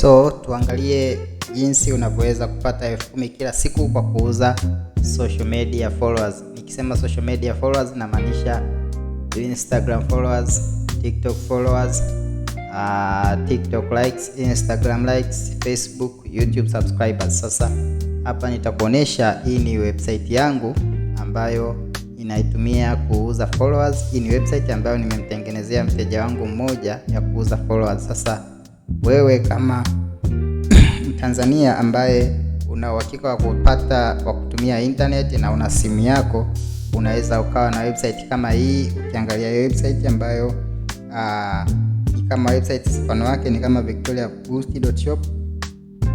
So tuangalie jinsi unavyoweza kupata elfu kumi kila siku kwa kuuza social media followers. Nikisema social media followers namaanisha Instagram followers, TikTok followers, uh, TikTok likes, Instagram likes, Facebook, YouTube subscribers. Sasa hapa nitakuonesha hii ni website yangu ambayo inaitumia kuuza followers. Hii ni website ambayo nimemtengenezea mteja wangu mmoja ya kuuza followers. Sasa wewe kama Mtanzania ambaye una uhakika wa kupata wa kutumia internet na una simu yako, unaweza ukawa na website kama hii. Ukiangalia website ambayo uh, ni kama website mfano wake ni kama victoriaboost.shop.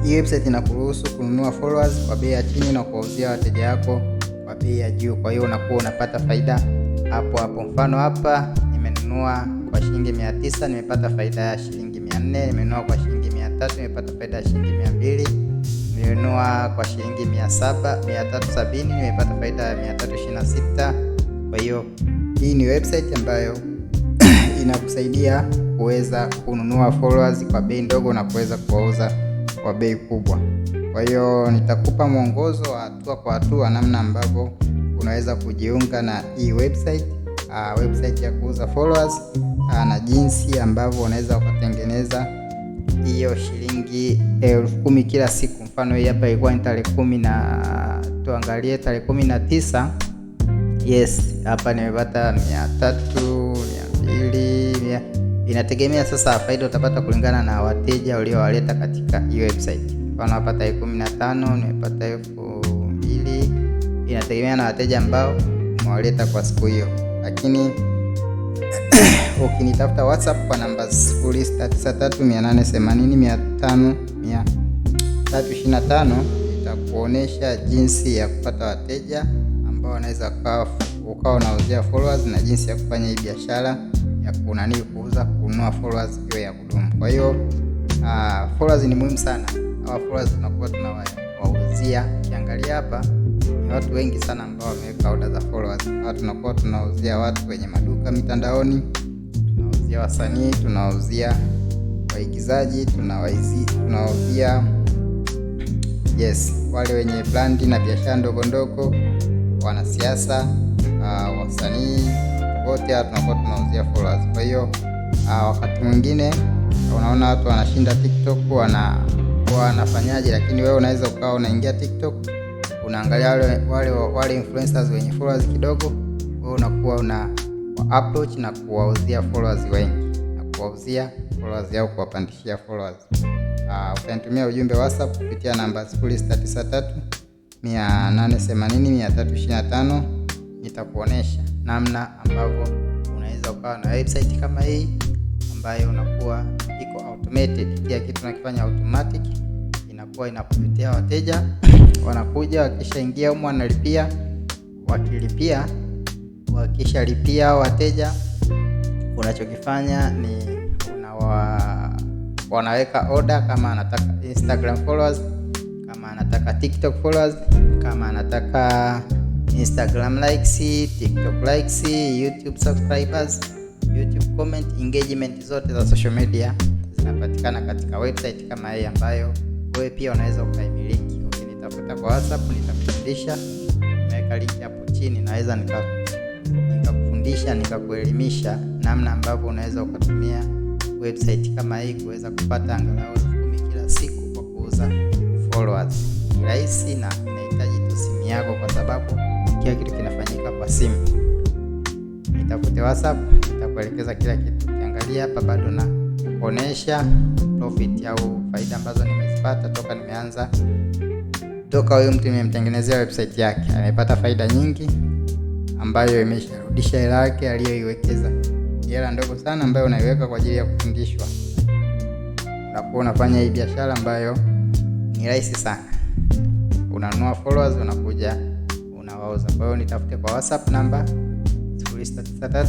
Hii website inakuruhusu kununua followers kwa bei ya chini na kuwauzia wateja wako kwa bei ya juu, kwa hiyo unakuwa unapata faida hapo hapo. Mfano hapa nimenunua kwa shilingi 900 nimepata faida ya shilingi mia nne nimenunua kwa shilingi mia tatu nimepata faida ya shilingi mia mbili nimenunua kwa shilingi mia saba mia tatu sabini nimepata faida ya mia tatu ishirini na sita Kwa hiyo hii ni website ambayo inakusaidia kuweza kununua followers kwa bei ndogo na kuweza kuwauza kwa bei kubwa. Kwa hiyo nitakupa mwongozo wa hatua kwa hatua namna ambavyo unaweza kujiunga na hii website uh, website ya kuuza followers uh, na jinsi ambavyo unaweza ukatengeneza hiyo shilingi elfu kumi kila siku. Mfano hii hapa ilikuwa ni tarehe kumi na tuangalie tarehe kumi na tisa. Yes, hapa nimepata mia tatu mia mbili mia inategemea sasa faida utapata kulingana na wateja uliowaleta katika hiyo website. Mfano hapa tarehe 15 nimepata elfu mbili inategemea na wateja ambao umewaleta kwa siku hiyo lakini ukinitafuta WhatsApp kwa namba 0693880525 itakuonesha jinsi ya kupata wateja ambao wanaweza ukawa unauzia followers na jinsi ya kufanya hii biashara ya kunani kuuza kununua followers hiyo ya kudumu. Kwa hiyo ah, followers ni muhimu sana. Hawa followers tunakuwa tunawauzia, ukiangalia hapa watu wengi sana ambao wameweka oda za followers. Hapa tunakuwa tunauzia watu kwenye maduka mitandaoni, tunauzia wasanii, tunauzia waigizaji, tunawauzia yes, wale wenye brandi na biashara ndogo ndogo, wanasiasa, uh, wasanii wote hapa tunakuwa tunauzia followers. Kwa hiyo uh, wakati mwingine unaona watu wanashinda TikTok, wana wanafanyaje, lakini wewe unaweza ukawa unaingia TikTok unaangalia wale, wale, wale influencers wenye followers kidogo, wewe unakuwa una approach na kuwauzia followers wengi na kuwauzia followers au kuwapandishia followers. Uh, utanitumia ujumbe WhatsApp kupitia namba 0693 880 nitakuonesha namna ambavyo unaweza ukawa na website kama hii ambayo unakuwa iko automated, kila kitu nakifanya automatic huwa inapopitia wateja, wanakuja wakishaingia humo wanalipia, wakilipia, wakishalipia wateja, unachokifanya ni unawa, wanaweka order kama anataka Instagram followers, kama anataka TikTok followers, kama anataka Instagram likes, TikTok likes, YouTube subscribers, YouTube comment, engagement zote za social media zinapatikana katika website kama hii ambayo wewe pia unaweza ukaimiliki. Ukinitafuta kwa WhatsApp nitakufundisha, nimeweka link hapo chini, naweza nikakufundisha nikakuelimisha namna ambavyo unaweza ukatumia website kama hii kuweza kupata angalau kumi kila siku kwa kuuza followers. rahisi na inahitaji tu simu yako, kwa sababu kila kitu kinafanyika kwa simu. Nitafute WhatsApp, nitakuelekeza kila kitu. Ukiangalia hapa bado na kuonesha profit au faida ambazo ni amenifuata toka nimeanza toka huyu mtu nimemtengenezea website yake, amepata faida nyingi ambayo imesharudisha hela yake aliyoiwekeza. Hela ndogo sana ambayo unaiweka kwa ajili ya kufundishwa, unakuwa unafanya hii biashara ambayo ni rahisi sana, unanunua followers, unakuja unawauza. Kwa hiyo nitafute kwa WhatsApp namba 0693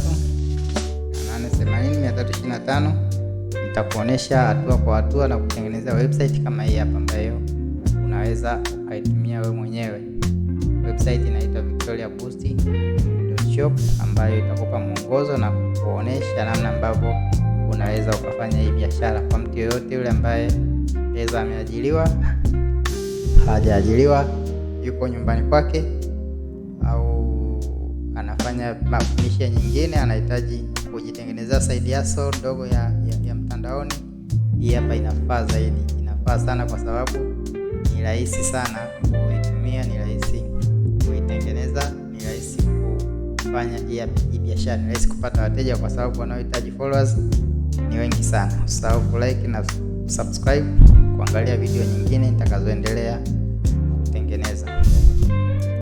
880 325 nitakuonesha hatua kwa hatua na kutengeneza website kama hii hapa, ambayo unaweza ukaitumia wewe mwenyewe. Website inaitwa shop ambayo itakupa mwongozo na kuonesha namna ambavyo unaweza ukafanya hii biashara kwa mtu yoyote yule ambaye eza ameajiriwa, hajaajiriwa, yuko nyumbani kwake au anafanya mafundisho nyingine, anahitaji kujitengenezea side hustle ndogo ya mtandaoni, hii hapa inafaa zaidi, inafaa sana kwa sababu ni rahisi sana kuitumia, ni rahisi kuitengeneza, ni rahisi kufanya hii biashara, ni rahisi kupata wateja kwa sababu wanaohitaji followers ni wengi sana. Usahau like na subscribe kuangalia video nyingine nitakazoendelea